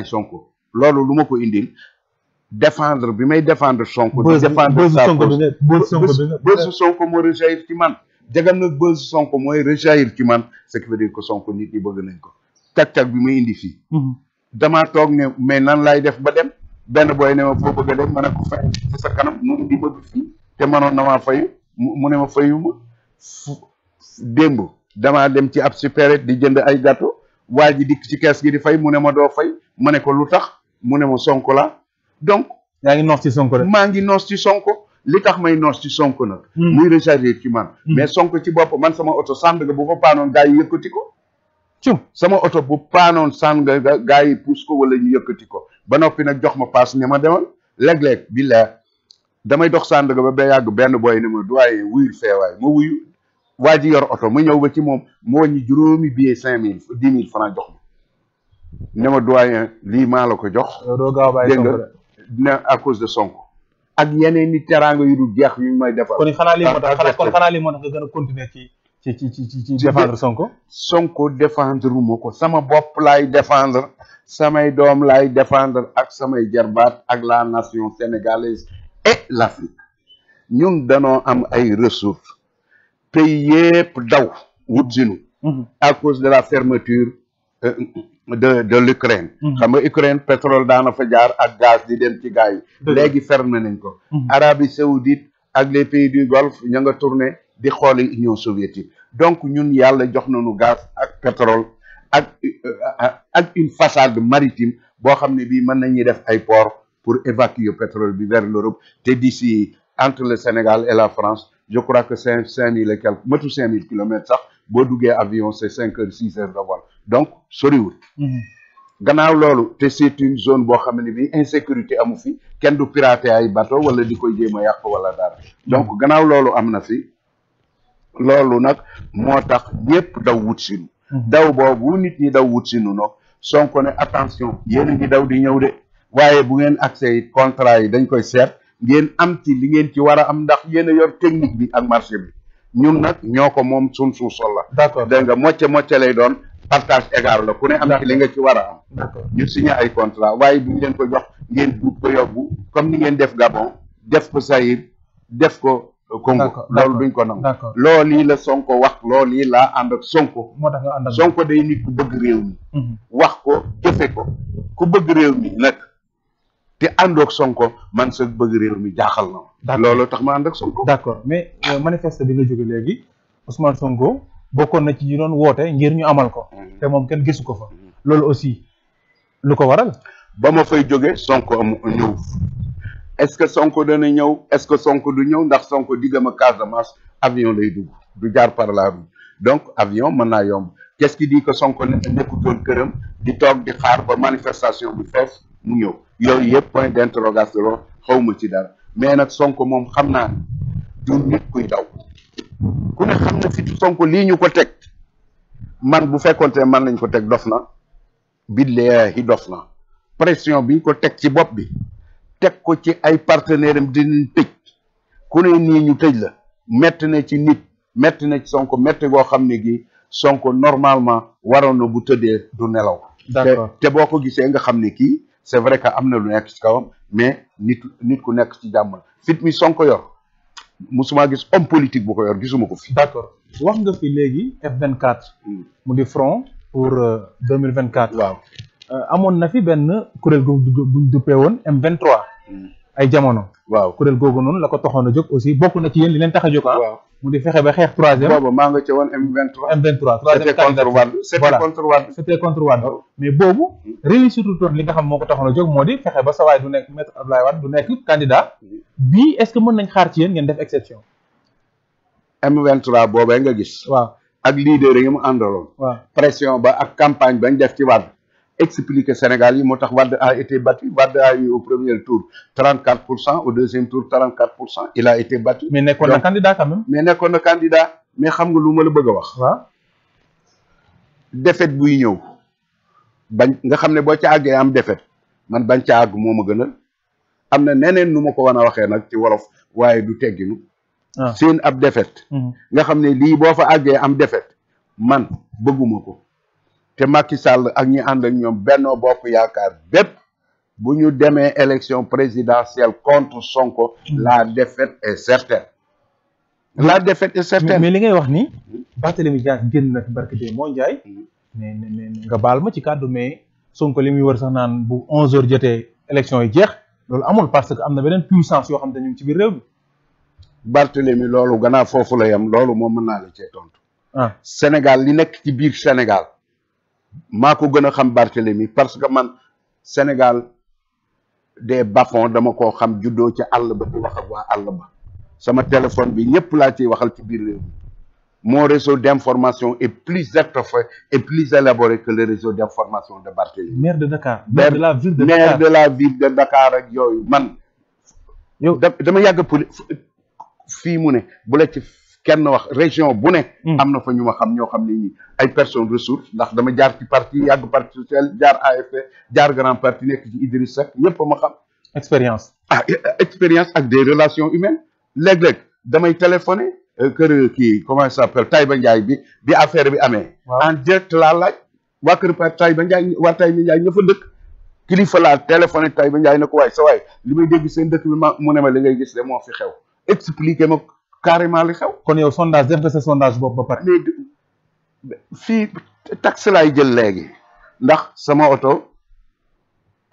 campagne Sonko loolu lu ma ko indil défendre bi may défendre Sonko di défendre sa bësu Sonko moo rejaillir ci man jagam nag bësu Sonko mooy rejaillir ci man ce qui veut dire que bi may indi fii mhm. damaa toog nan laay def ba dem benn booy ne ma foo a dem ma ne ko fay ci kanam mu indi ma bi fii te manoon na maa fayu mu ne ma fayu ma démb damaa dem ci ab supérette di jënd ay gâteau waa dikk ci kees gi di fay mu ne ma doo fay ma ne ko lu tax mu ne ma sonk la donc. yaa ngi noos ci sonko rek maa ngi noos ci sonk li tax may noos ci sonk nag. Hmm. muy recharger ci man. Hmm. mais sonk ci bopp man sama oto Sandaga bu fa paanoon gaa yi yëkkati ko. cum sama oto bu paanoon Sandaga gaa yi puus ko walla ñu yëkkati ko ba noppi nag jox ma paas ne ma demal léeg-léeg bi la damay dox Sandaga ba ba yàgg benn booy ne ma doyee wuyul feewaay ma wuyu waa ji yor oto ma ñëw ba ci moom moo ñu juróomi billet cinq mille dix mille franc jox ne ma doyen lii maa la ko jox. dégg nga na à cause de Sonko. ak yeneen i teraanga yu dul jeex yu may defal. kon xanaa lii moo tax kon xanaa lii moo ci. ci ci ci ci défendre Sonko. Sonko défendre ma ko sama bopp laay défendre samay doom laay défendre ak samay jarbaat ak la nation sénégalaise et l'Afrique ñun danoo am ay ressources. pays yëpp daw wut mm-hmm. à cause de la fermeture. Euh, de de l'Ukraine mhm. xam nga Ukraine pétrole daana fa jaar ak gaz di dem ci gars yi léegi fermé nañ ko mhm. Arabie Saoudite ak les pays du Golfe ña nga tourné di xooli Union soviétique donc ñun yàlla jox na nañu gaz ak pétrole ak euh, ak une façade maritime boo xam ne bii mën nañuy def ay port pour évacuer pétrole bi vers l'Europe te di si entre le Sénégal et la France je crois que cinq cinq mille matu cinq mille kilomètres sax boo duggee avion c' est cinq heures six heures de vol donc soriwul mhm. gannaaw loolu te c' une zone boo xam ne bi insécurité amu fi kenn du piraté ay bateau wala di koy jéem a yàq wala dara donc mhm. gannaaw loolu am na fi loolu nag moo tax ñëpp daw wut sinu mhm. daw boobu nit ñi daw wut sinu no Sonko ne attention yéen a ngi daw di ñëw de waaye bu ngeen accès yi contrat yi dañ koy seet ngeen am ci li ngeen ci war a am ndax yéen a yor technique bi ak marché bi ñun nag ñoo ko moom suñ suuf sol la d'accord dégg nga mocce mocce lay doon partage égard la ku ne am ci li nga ci war a am d'accord ñu ay contrat waaye bu ñu leen ko jox ngeen duut ko yóbbu comme ni ngeen def Gabon def ko Zaïre def ko Congo loolu duñ ko nangu loolu yi la Sonko wax loolu yi laa ànd ak Sonko moo tax Sonko day nit ku bëgg réew mi mhm. wax ko jëfe ko ku bëgg réew mi nag te àndoog Sonko man sa bëgg réew mi jaaxal na ma. loolu tax ma ànd ak Sonko. d'accord mais euh, manifeste bi nga jóge léegi Ousmane Sonko bokkoon na ci ñu doon woote ngir ñu amal ko. Mm-hmm. te moom kenn gisu ko fa. Mm-hmm. loolu aussi lu ko waral. ba ma fay jóge Sonko amu ñëw est-ce que Sonko dana ñëw est-ce que Sonko du ñëw ndax Sonko diggam a Casamance avion lay dugg du jaar par la route donc avion mën naa yomb qu'est-ce qui dit que Sonko nekkutoon këram di toog di xaar ba manifestation bi fees mu ñëw. yooyu yëpp point d'interrogation xaw ma ci dara mais nag sonk moom xam naa du nit kuy daw ku ne xam na fi Sonko lii ñu ko teg man bu fekkoonte ne man lañ ko teg dof na billahi dof na pression biñ ko teg ci bopp bi teg ko ci ay partenaire am dinañ tëj ku ne nii ñu tëj la metti na ci nit metti na ci Sonko metti goo xam ne gi Sonko normalement waroon na bu tëddee du nelaw te boo ko gisee nga xam ne kii c' est vrai que am na lu nekk ci kawam mais nit nit ku nekk ci jàmm la fit mi Sonko yor musuma gis homme politique bu ko yor gisuma ko fi. d' accord wax nga fi léegi F24. Hmm. mu di front pour 2024. Euh, waaw euh, amoon na fi benn kuréel gu buñ duppee woon M23. Hmm. ay jamono. waaw kuréel googu noonu la ko toxoon a jóg aussi bokk na ci yéen li leen tax a jóg ah. mu di fexe ba xeex troisième boobu maa nga ca woon M23. M23 troisième candidature oh. mais boobu réussir toon li nga xam moo ko taxoon jog moo di fexe ba sawaay du nekk maître Abdoulaye Wade du nekk candidat bii est-ce que mën nañ xaar ci yéen ngeen def exception M23 boobee nga gis waaw ak leader yi mu àndaloon waaw pression ba ak campagne bañ def ci Wade expliquer Sénégal yi moo tax Wade a été battu Wade a eu au premier tour 34 pour cent au deuxième tour 44 pour cent il a été battu. mais nekkoon a candidat quand même. mais nekkoon na mais xam nga lu ma la bëgg a wax. waaw buy ñëw bañ nga xam ne boo ca àggee am défaite man bañ ca àgg moo ma gënal am na neneen nu ma ko wan a waxee nag ci wolof waaye du tegginu. Ah. seen ab défaite. Mhm. nga xam ne lii boo fa àggee am défaite man bëgguma ko. te Macky Sall ak ñi ànd ak ñoom Benno Bokk Yaakaar bépp bu ñu demee élection présidentielle contre Sonko la défaite est certaine la défaite est certaine mais li ngay wax ni hmm. Barthélémy Dias génn na fi barke de moo njaay mais nga baal ma ci kàddu mais Sonko li muy war sax naan bu onze heures jotee élection yi jeex loolu amul parce que am na beneen puissance yoo xam ne ñu ngi ci biir réew mi Barthélémy loolu gannaaw foofu la yem loolu moom mën naa la cee tontu ah Sénégal li nekk ci biir Sénégal maa ko gën a xam Barthélemy parce que man Sénégal des bafons dama koo xam juddoo ci àll ba di wax ak waa àll ba sama téléphone bi ñëpp laa ciy waxal ci biir réew mi mon réseau d'information est plus étoffé et plus élaboré que le réseau d'information de Barthélemy. maire de Dakar maire de la ville de Dakar de la ak yooyu man. yow dama yàgg poli fii mu ne bu la ci kenn wax région bu ne. Mm. am na fa ñu ma xam ñoo xam ne ñi ay personnes ressources ndax dama jaar ci parti yàgg parti social jaar AFP jaar grand parti nekk ci Idriss Seck ñëpp ma xam. expérience. ah e, e, expérience ak des relations humaines léeg-léeg damay téléphone euh, kër euh, kii comment ça s'appelle Taïba Ndiaye bi bi affaire bi amee. en direct laa laaj waa kër Pa Taïba Ndiaye waa Taïba Ndiaye ña fa dëkk. kilifa laa téléphoné ba Ndiaye na ko waay sa waay li may dégg seen dëkk bi ma mu ne ma li ngay gis moo fi xew carrément li xew. kon yow sondage def sa sondage boobu ba pare. fii taxe laay jël léegi ndax sama oto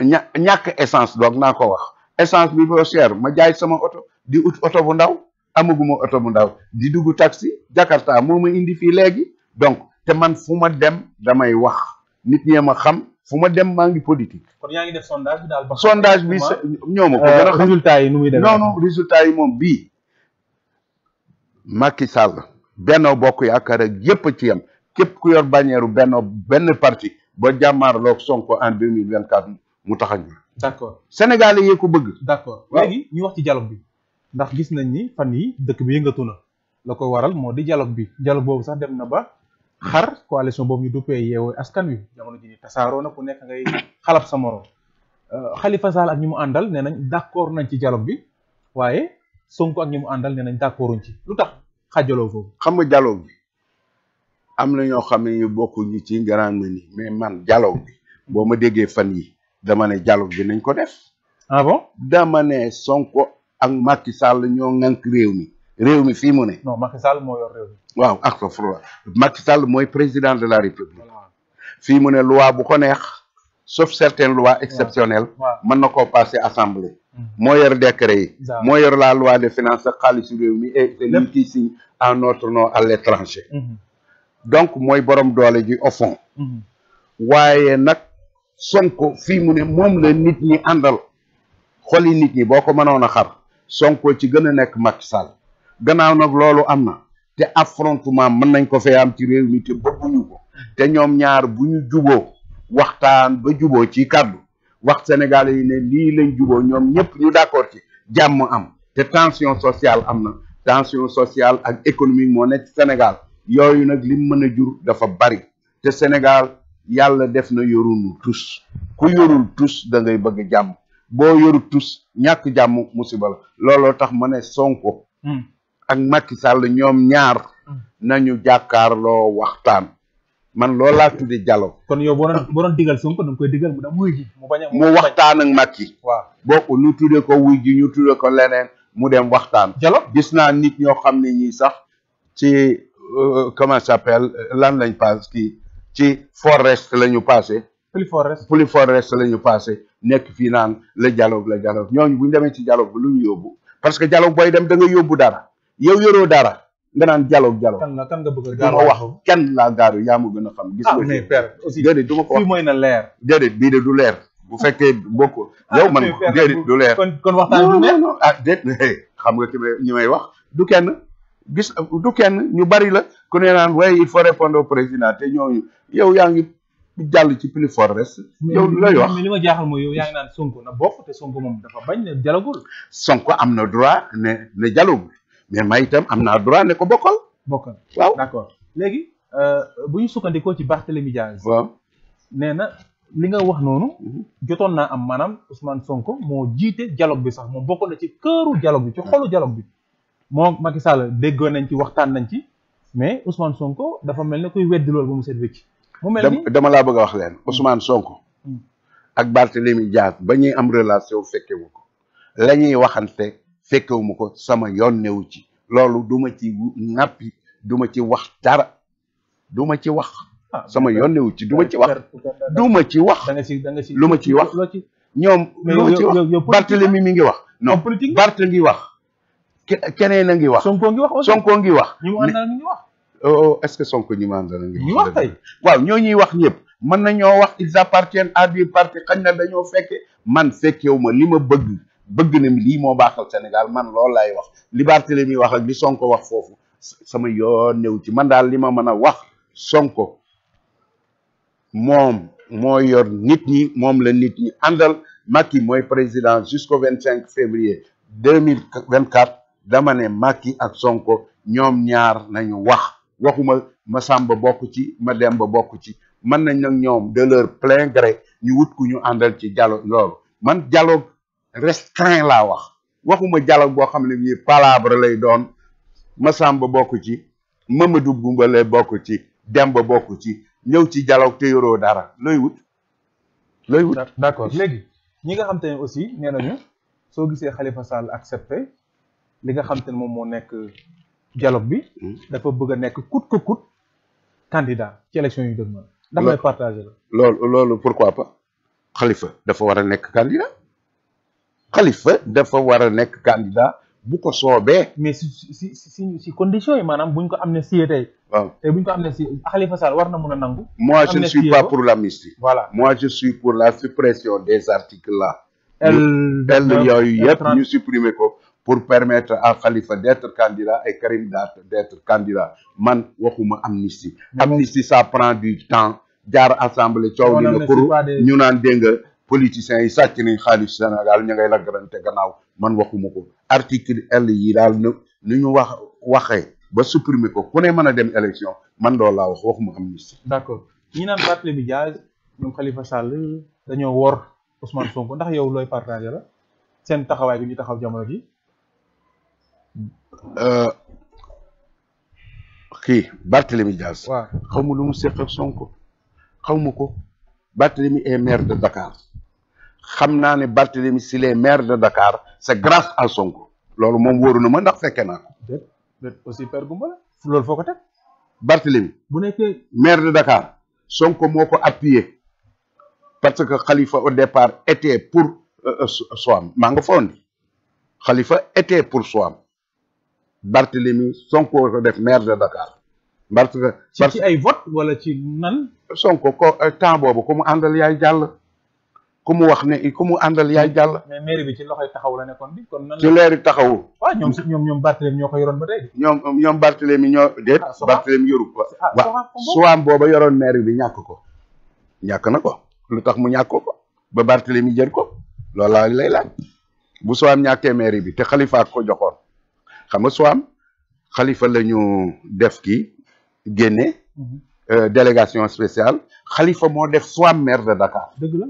ña ñàkk essence doog naa ko wax essence bi boo cher ma jaay sama oto di ut oto bu ndaw amaguma oto bu ndaw di dugg taxi Jakarta moo ma indi fii léegi donc te man fu ma dem damay wax nit ñee ma xam fu ma dem maa ngi politique. kon yaa sondage bi daal euh, résultat yi nu muy demee non non résultat yi moom bii. Macky Sall benn Bokk Yaakaar ak yépp ci yam képp ku yor bañeeru benno benn parti ba jàmmaarloog sonk en deux mille vingt quatre mu tax a ñu. d' accord Sénégalais yi ko bëgg. d' accord léegi ñu wax ci dialogue bi ndax gis nañ ni fan yi dëkk bi yëngatu na la ko waral moo di dialogue bi dialogue boobu sax dem na ba. xar coalition boobu ñu duppee yeewoo askan wi jamono ji tasaaroo na ku nekk ngay xalab sa morom euh, Khalifa Sall ak ñi mu àndal nee nañ accord nañ ci dialogue bi waaye Sonko ak ñi mu àndal nee nañ d'accorduñ ci lu tax xajaloo foofu. xam nga dialogue bi am na ñoo xam ne bokkuñu ci grand menu mais man dialogue bi boo ma déggee fan yi dama ne dialogue bi nañ ko def. ah bon dama ne Sonko ak Macky Sall ñoo ŋànk réew mi réew mi fi mu ne. non Macky moo waaw ak fa Macky Sall mooy président de la république. fii mu ne loi ko neex. sauf certaines lois exceptionnelles mën na koo passer assemblée mm. moo yor décret yi moo yor la loi de finance ak xaalis réew mi et lépp kii signe en notre nom à l'étranger mm-hmm. donc mooy borom doole ji au fond mm-hmm. waaye nag Sonko fii mu ne moom la nit ñi àndal xoli nit ñi boo ko mënoon a xar Sonko ci gën a nekk Macky Sall gannaaw nag loolu am na te affrontement mën nañ ko fee ci réew mi te bëgguñu ko te ñoom ñaar bu ñu juboo waxtaan ba juboo ci kàddu wax Sénégalais yi ne lii lañ juboo ñoom ñëpp ñu d'accord ci jàmm am te tension sociale am na tension sociale ak économique moo nekk Sénégal yooyu nag li mën a jur dafa bari te Sénégal yàlla def na yorunu tus ku yorul tus da ngay bëgg jàmm boo yoru tus ñàkk jàmm musiba la looloo tax ma ne Sonko hmm. ak Macky Sall ñoom ñaar hmm. nañu jàkkaarloo waxtaan man loolu laa tuddi jaloo kon yow boo doon boo doon digal Sonko da nga koy digal mu dem mu bañ a mu waxtaan ak Macky waaw bokk ñu tuddee ko wuy ji ñu ko leneen mu dem waxtaan dialogue gis naa nit ñoo xam ne sax ci euh, comment ça lan lañ passe kii ci forest la ñu passé plus forest plus forest la ñu passé nekk fii naan la dialogue la dialogue ñooñu bu demee ci dialogue bi lu ñu yóbbu parce que dialogue booy dem da nga yóbbu dara yow yoroo dara nga naan dialogue dialogue. kan la kan nga bëgg a gaaru du ma wax kenn laa gaaru yaa ma gën a xam. gis nga ah, mais père aussi déedéet du ma ko wax fii mooy na leer. déedéet bii de du leer. bu ah. fekkee bokk ah, yow man déedéet du leer kon kon waxtaan du leer ah xam nga ki may may wax du kenn gis du kenn ñu bari la ku ne naan waaye il faut répondre au te ñooñu yow yaa ngi jàll ci plus for reste yow lay wax mais li ma jaaxal mooy yow yaa ngi naan Sonko na bokk te Sonko moom dafa bañ ne jalagul Sonko am na droit ne ne jalagul mais may itam am naa droit ne ko bokkal. bokkal waaw d'accord léegi euh, bu ñu sukkandikoo ci Barthélémy Diaz. waaw nee na li nga wax noonu. Mhm. jotoon naa am maanaam Ousmane Sonko moo jiite dialogue bi sax moom bokkoon na ci këru dialogue bi ci xolu dialogue bi. moo Macky Sall déggoo nañ ci waxtaan nañ ci mais Ousmane Sonko dafa mel ne kuy weddi loolu ba mu seet wécc. mu mel ni dama laa bëgg a wax leen mm. Ousmane Sonko. Mm. ak Barthélémy Diaz ba ñuy am relation fekke wu ko la waxante. fekkewuma ko sama yoon newu ci loolu duma ci ŋàppi duma ci wax dara duma ci wax ah, sama yoon newu ci duma ci wax duma ci wax lu ma ci wax ñoom lu ma ci wax Barthélemy mi ngi wax non Barth ngi wax keneen a ngi wax Sonko ngi wax ngi wax ñu ànd nañu wax oh, oh est-ce Sonko ñu ànd nañu ñu wax tey ñoo ñuy wax ñëpp mën nañoo wax ils appartiennent à des partis xañ na dañoo fekke man fekkewuma li ma bëgg bëgg na lii moo baaxal Sénégal man loolu laay wax li Barthélemy wax ak li Sonko wax foofu sama yoon new ci man daal li ma mën a wax Sonko moom moo yor nit ñi moom la nit ñi àndal Macky mooy président jusqu'au vingt cinq février deux mille vingt quatre dama ne Macky ak Sonko ñoom ñaar nañu wax waxuma ma Samba bokk ci ma dem ba bokku ci mën nañ nag ñoom de leur plein gré ñu wut ku ñu àndal ci dialogue loolu man dialogue restreint laa wax waxuma dialogue boo xam ne bii palabre lay doon Massamba bokk ci Mamadou Goumba lay bokk ci Demba bokk ci ñëw ci dialogue te yoroo dara looy wut looy wut d'accord léegi ñi nga xam te ne aussi nee nañu soo gisee xalifa Sall accepté li nga xam te ne moom moo nekk dialogue bi hmm? dafa bëgg a nekk coûte que coûte candidat ci élection yu dëgmal ndax may partagé la loolu loolu pourquoi pas Khalifa dafa war a nekk candidat Khalifa dafa war a nekk candidat bu ko soobee. mais si si si si condition yi maanaam bu ñu ko amnistie tey. waaw tey bu ñu ko amnistie Khalifa Sall war na mën a nangu. moi je ne suis pas pour l'amnistie. voilà moi je suis pour la suppression des articles là. L L yooyu yëpp ñu supprimer ko. pour permettre a kalifa d'être candidat et Karim d'être candidat man waxuma amnistie. amnistie ça prend du temps jaar assemblée coow li kuru ñu naan dégg nga politiciens yi sàcc nañ xaalis Sénégal ña ngay laggarante gannaaw man waxuma ko article L yi daal na ni ñu wax waxee ba supprimer ko ku ne mën a dem élection man loolu laa wax waxuma amnistie. d'accord ñi naan Barthélémy Dias ñoom Khalifa Sall dañoo wor Ousmane Sonko ndax yow looy partagé la seen taxawaay bi taxaw jamono ji. Euh, kii Barthélémy Dias. xaw ma lu mu seq ak Sonko xaw ma ko Barthélémy est maire de Dakar. xam naa ne Barthélémy s'il est maire de Dakar c'est grâce à Sonko loolu moom wóoru na ma ndax fekke naa ko. déet déet aussi père Goumba la loolu foo ko teg. Barthélémy bu nekkee maire de Dakar Sonko moo ko appuyé parce que Khalifa au départ était pour euh, euh, Soham maa nga foon Khalifa était pour Soham Barthélémy Sonko ko def de Dakar. parce que ci ay vote wala ci nan. Sonko euh, temps boobu ko mu àndal yaay jàll. ku mu wax ne ku àndal yaay jàll. ci la nekkoon bi kon nan la ci leeri taxawu. Ah, ñoom si ñoo ko yoroon ba tey. ñoom ñoom Barthélemy ah, yoru ko. ah booba yoroon mairie bi ñàkk ko. ñàkk na ko lu tax mu ñàkk ko ba Barthélemy jël ko loolu laa lay bu Soxna ñàkkee mairie bi te xalifa ko joxoon xam nga Soxna xalifa la ñu def ki génne. Mhm. Euh, délégation spéciale xalifa moo def soit maire de Dakar.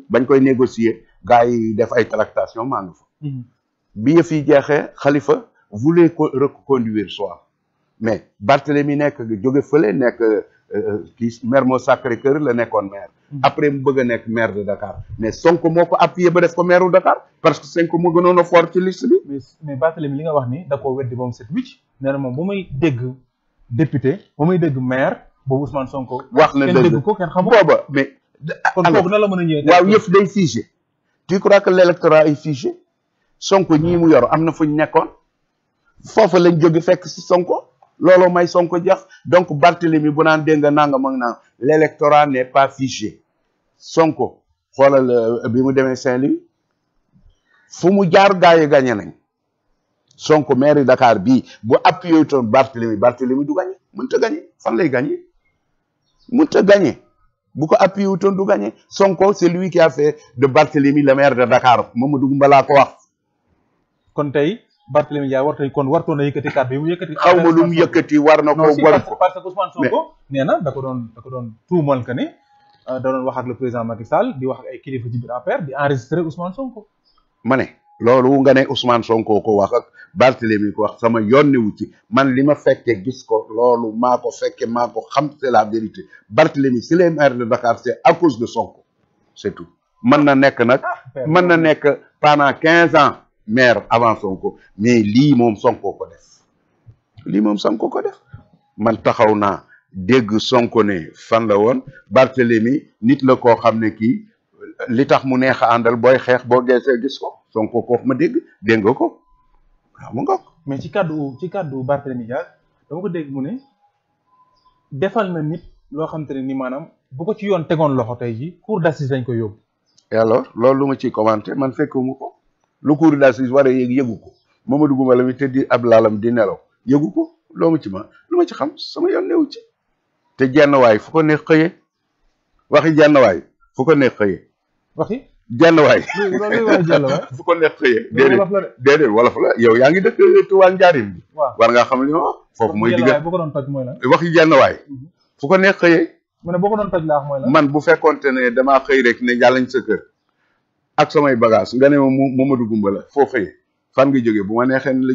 bañ koy négocier gars yi def ay tractation maa nga fa. Mhm. bi yëf yi jeexee xalifa voulait ko reconduire soit mais Barthélemy nekk jóge fële nekk euh, euh, kii maire moo Sacré-Cœur la nekkoon maire. Mhm. après mu bëgg a nekk maire de Dakar. mais Sonko moo ko appuyé ba def ko maire u Dakar parce que Sonko moo gënoon a fort ci liste bi. mais mais li nga wax ni da koo weddi ba mu set wicc nee moom bu may dégg député bu dégg maire. boobu Ousmane Sonko. wax na dëgg kenn dégg ko kenn xamul booba mais. Ah, kon kooku nan la mën a ñëwee. waaw yëf day figé. tu crois que l' électorat est figé Sonko ñii mu yor am na fu ñu nekkoon foofa lañ jóge fekk si Sonko looloo may Sonko jeex donc Barthélemy bu naan dégg nga nangam ak naan l' électorat n' est pas figé Sonko xoolal euh, bi mu demee Saint-Louis fu mu jaar gaa yi gagné nañ Sonko maire Dakar bii bu appuyé toon Barthélemy Barthélemy du gagné mënut a gagné fan lay gagné. mun ta gagné bu ko appuyé wutoon du gagné Sonko c'est lui qui a fait de Barthélemy le maire de Dakar Mamadou Mbala ko wax. kon tey Barthélemy Dias war tey kon wartoon na yëkkati kàddu yi mu yëkkati. xaw ma lu mu yëkkati war na ko war ko parce que Ousmane Sonko nee na da doon da ko doon tuumal que ni euh, da doon wax ak le président Macky Sall di wax ak ay kilifa ci biir APR di enregistrer Ousmane Sonko. ma ne. loolu nga ne Ousmane Sonko ko wax ak Barthélemy ko wax sama yoon wu ci man li ma fekkee gis ko loolu maa ko fekke maa ko xam c'est la vérité Barthélemy si les maires de Dakar c'est à cause de Sonko c'est tout mën na nekk nag ah, mën na nekk pendant quinze ans maire avant Sonko mais lii moom Sonko ko def lii moom Sonko ko def man taxaw naa dégg Sonko ne fan la woon Barthélemy nit la koo xam ne kii li tax mu neex a àndal booy xeex boo geesee gis ko donc ko wax ma dégg dégg nga ko waaw mu ngoog mais ci kàddu ci kàddu Barthélemy Dias dama ko dégg mu ne defal na nit loo xam te ne ni maanaam bu ko ci yoon tegoon loxo tey ji cour d'assises lañ ko yóbbu et loolu lu ma ciy commenté man fekk fekkuma ko lu cour d'assises war a yëg yëgu ko Mamadou la mi di ab laalam di nelaw yëgu ko loo ci ma lu ma ci xam sama yoon newu ci te jenn waay fu ko neex xëyee waxi jenn waay fu ko neex xëyee waxi jenn waay su ko neex xëyee déedéet déedéet wolof la yow yaa ngi dëkk tuwaa njaarim bi war ngaa xam li ma wax foofu mooy digga boo ko doon toj mooy lan wax waay mhm. fu ko neex xëyee mu ne boo man bu fekkoonte ne damaa xëy rek ne jàllañ sa kër ak samay bagage nga ne a Mamadou Gumba la foo xëyee fan nga jógee bu ma neexee ne la